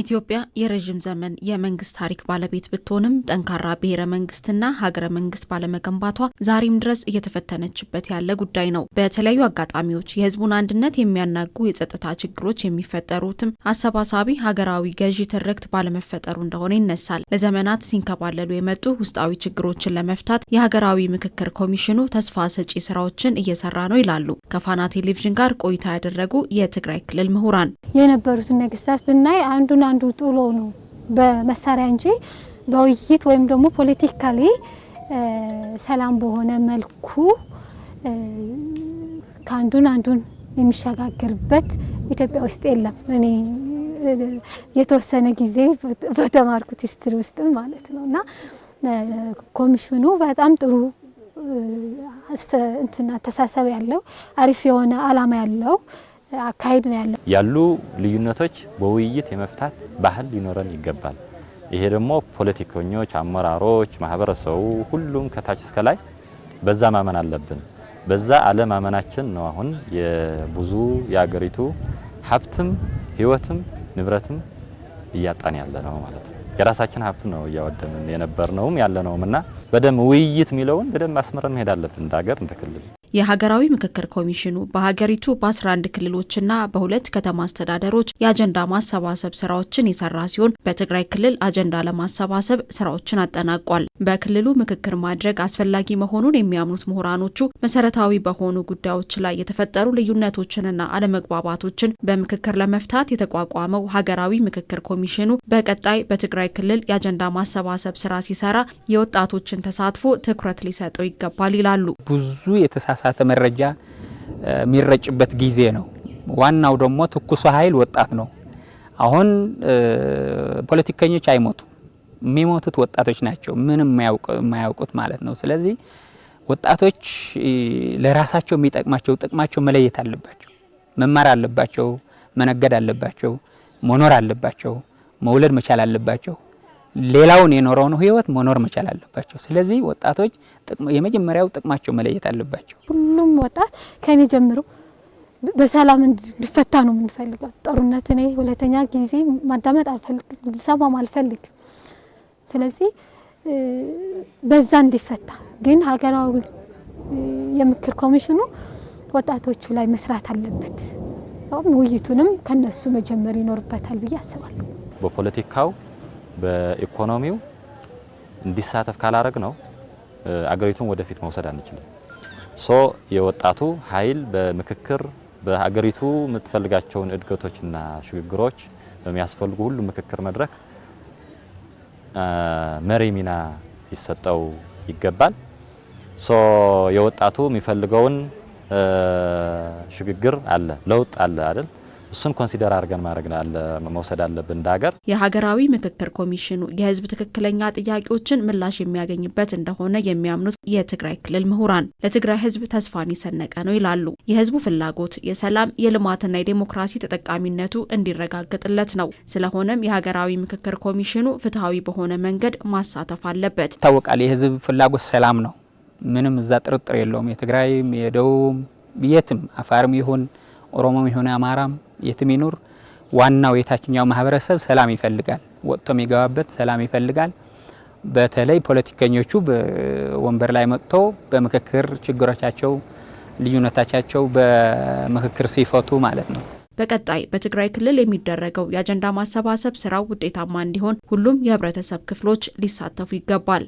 ኢትዮጵያ የረዥም ዘመን የመንግስት ታሪክ ባለቤት ብትሆንም ጠንካራ ብሔረ መንግስትና ሀገረ መንግስት ባለመገንባቷ ዛሬም ድረስ እየተፈተነችበት ያለ ጉዳይ ነው። በተለያዩ አጋጣሚዎች የህዝቡን አንድነት የሚያናጉ የጸጥታ ችግሮች የሚፈጠሩትም አሰባሳቢ ሀገራዊ ገዢ ትርክት ባለመፈጠሩ እንደሆነ ይነሳል። ለዘመናት ሲንከባለሉ የመጡ ውስጣዊ ችግሮችን ለመፍታት የሀገራዊ ምክክር ኮሚሽኑ ተስፋ ሰጪ ስራዎችን እየሰራ ነው ይላሉ ከፋና ቴሌቪዥን ጋር ቆይታ ያደረጉ የትግራይ ክልል ምሁራን። የነበሩትን ነገስታት ብናይ አንዱ አንዱን አንዱ ጥሎ ነው በመሳሪያ እንጂ በውይይት ወይም ደግሞ ፖለቲካሊ ሰላም በሆነ መልኩ ከአንዱን አንዱን የሚሸጋገርበት ኢትዮጵያ ውስጥ የለም። እኔ የተወሰነ ጊዜ በተማርኩት ሂስትሪ ውስጥም ማለት ነው እና ኮሚሽኑ በጣም ጥሩ እንትና አስተሳሰብ ያለው አሪፍ የሆነ አላማ ያለው አካሄድ ነው ያለው። ያሉ ልዩነቶች በውይይት የመፍታት ባህል ሊኖረን ይገባል። ይሄ ደግሞ ፖለቲከኞች፣ አመራሮች፣ ማህበረሰቡ ሁሉም ከታች እስከ ላይ በዛ ማመን አለብን። በዛ አለማመናችን ነው አሁን የብዙ የአገሪቱ ሀብትም ህይወትም ንብረትም እያጣን ያለ ነው ማለት ነው። የራሳችን ሀብት ነው እያወደምን የነበርነውም ያለ ነውም እና በደንብ ውይይት የሚለውን በደንብ አስመረን መሄድ አለብን እንደ ሀገር እንደ ክልል የሀገራዊ ምክክር ኮሚሽኑ በሀገሪቱ በ11 ክልሎችና በሁለት ከተማ አስተዳደሮች የአጀንዳ ማሰባሰብ ስራዎችን የሰራ ሲሆን በትግራይ ክልል አጀንዳ ለማሰባሰብ ስራዎችን አጠናቋል። በክልሉ ምክክር ማድረግ አስፈላጊ መሆኑን የሚያምኑት ምሁራኖቹ መሰረታዊ በሆኑ ጉዳዮች ላይ የተፈጠሩ ልዩነቶችንና አለመግባባቶችን በምክክር ለመፍታት የተቋቋመው ሀገራዊ ምክክር ኮሚሽኑ በቀጣይ በትግራይ ክልል የአጀንዳ ማሰባሰብ ስራ ሲሰራ የወጣቶችን ተሳትፎ ትኩረት ሊሰጠው ይገባል ይላሉ። ብዙ የእሳተ መረጃ የሚረጭበት ጊዜ ነው። ዋናው ደግሞ ትኩሱ ኃይል ወጣት ነው። አሁን ፖለቲከኞች አይሞቱ፣ የሚሞቱት ወጣቶች ናቸው። ምንም የማያውቁት ማለት ነው። ስለዚህ ወጣቶች ለራሳቸው የሚጠቅማቸው ጥቅማቸው መለየት አለባቸው፣ መማር አለባቸው፣ መነገድ አለባቸው፣ መኖር አለባቸው፣ መውለድ መቻል አለባቸው። ሌላውን የኖረውን ህይወት መኖር መቻል አለባቸው። ስለዚህ ወጣቶች የመጀመሪያው ጥቅማቸው መለየት አለባቸው። ሁሉም ወጣት ከኔ ጀምሮ በሰላም እንድፈታ ነው የምንፈልገው። ጦርነት እኔ ሁለተኛ ጊዜ ማዳመጥ አልፈልግም፣ እንድሰማም አልፈልግም። ስለዚህ በዛ እንዲፈታ ግን ሀገራዊ የምክር ኮሚሽኑ ወጣቶቹ ላይ መስራት አለበት። ውይይቱንም ከነሱ መጀመር ይኖርበታል ብዬ አስባለሁ። በፖለቲካው በኢኮኖሚው እንዲሳተፍ ካላረግ ነው አገሪቱን ወደፊት መውሰድ አንችልም። ሶ የወጣቱ ኃይል በምክክር በሀገሪቱ የምትፈልጋቸውን እድገቶችና ሽግግሮች በሚያስፈልጉ ሁሉ ምክክር መድረክ መሪ ሚና ይሰጠው ይገባል። ሶ የወጣቱ የሚፈልገውን ሽግግር አለ፣ ለውጥ አለ አይደል? እሱን ኮንሲደር አድርገን ማድረግ መውሰድ አለብን እንደ ሀገር። የሀገራዊ ምክክር ኮሚሽኑ የህዝብ ትክክለኛ ጥያቄዎችን ምላሽ የሚያገኝበት እንደሆነ የሚያምኑት የትግራይ ክልል ምሁራን ለትግራይ ህዝብ ተስፋን የሰነቀ ነው ይላሉ። የህዝቡ ፍላጎት የሰላም የልማትና የዴሞክራሲ ተጠቃሚነቱ እንዲረጋገጥለት ነው። ስለሆነም የሀገራዊ ምክክር ኮሚሽኑ ፍትሐዊ በሆነ መንገድ ማሳተፍ አለበት። ይታወቃል፣ የህዝብ ፍላጎት ሰላም ነው። ምንም እዛ ጥርጥር የለውም። የትግራይም የደቡብም የትም አፋርም ይሁን ኦሮሞም የሆነ አማራም የትም ይኑር ዋናው የታችኛው ማህበረሰብ ሰላም ይፈልጋል፣ ወጥቶ የሚገባበት ሰላም ይፈልጋል። በተለይ ፖለቲከኞቹ ወንበር ላይ መጥቶ በምክክር ችግሮቻቸው ልዩነቶቻቸው በምክክር ሲፈቱ ማለት ነው። በቀጣይ በትግራይ ክልል የሚደረገው የአጀንዳ ማሰባሰብ ስራው ውጤታማ እንዲሆን ሁሉም የህብረተሰብ ክፍሎች ሊሳተፉ ይገባል።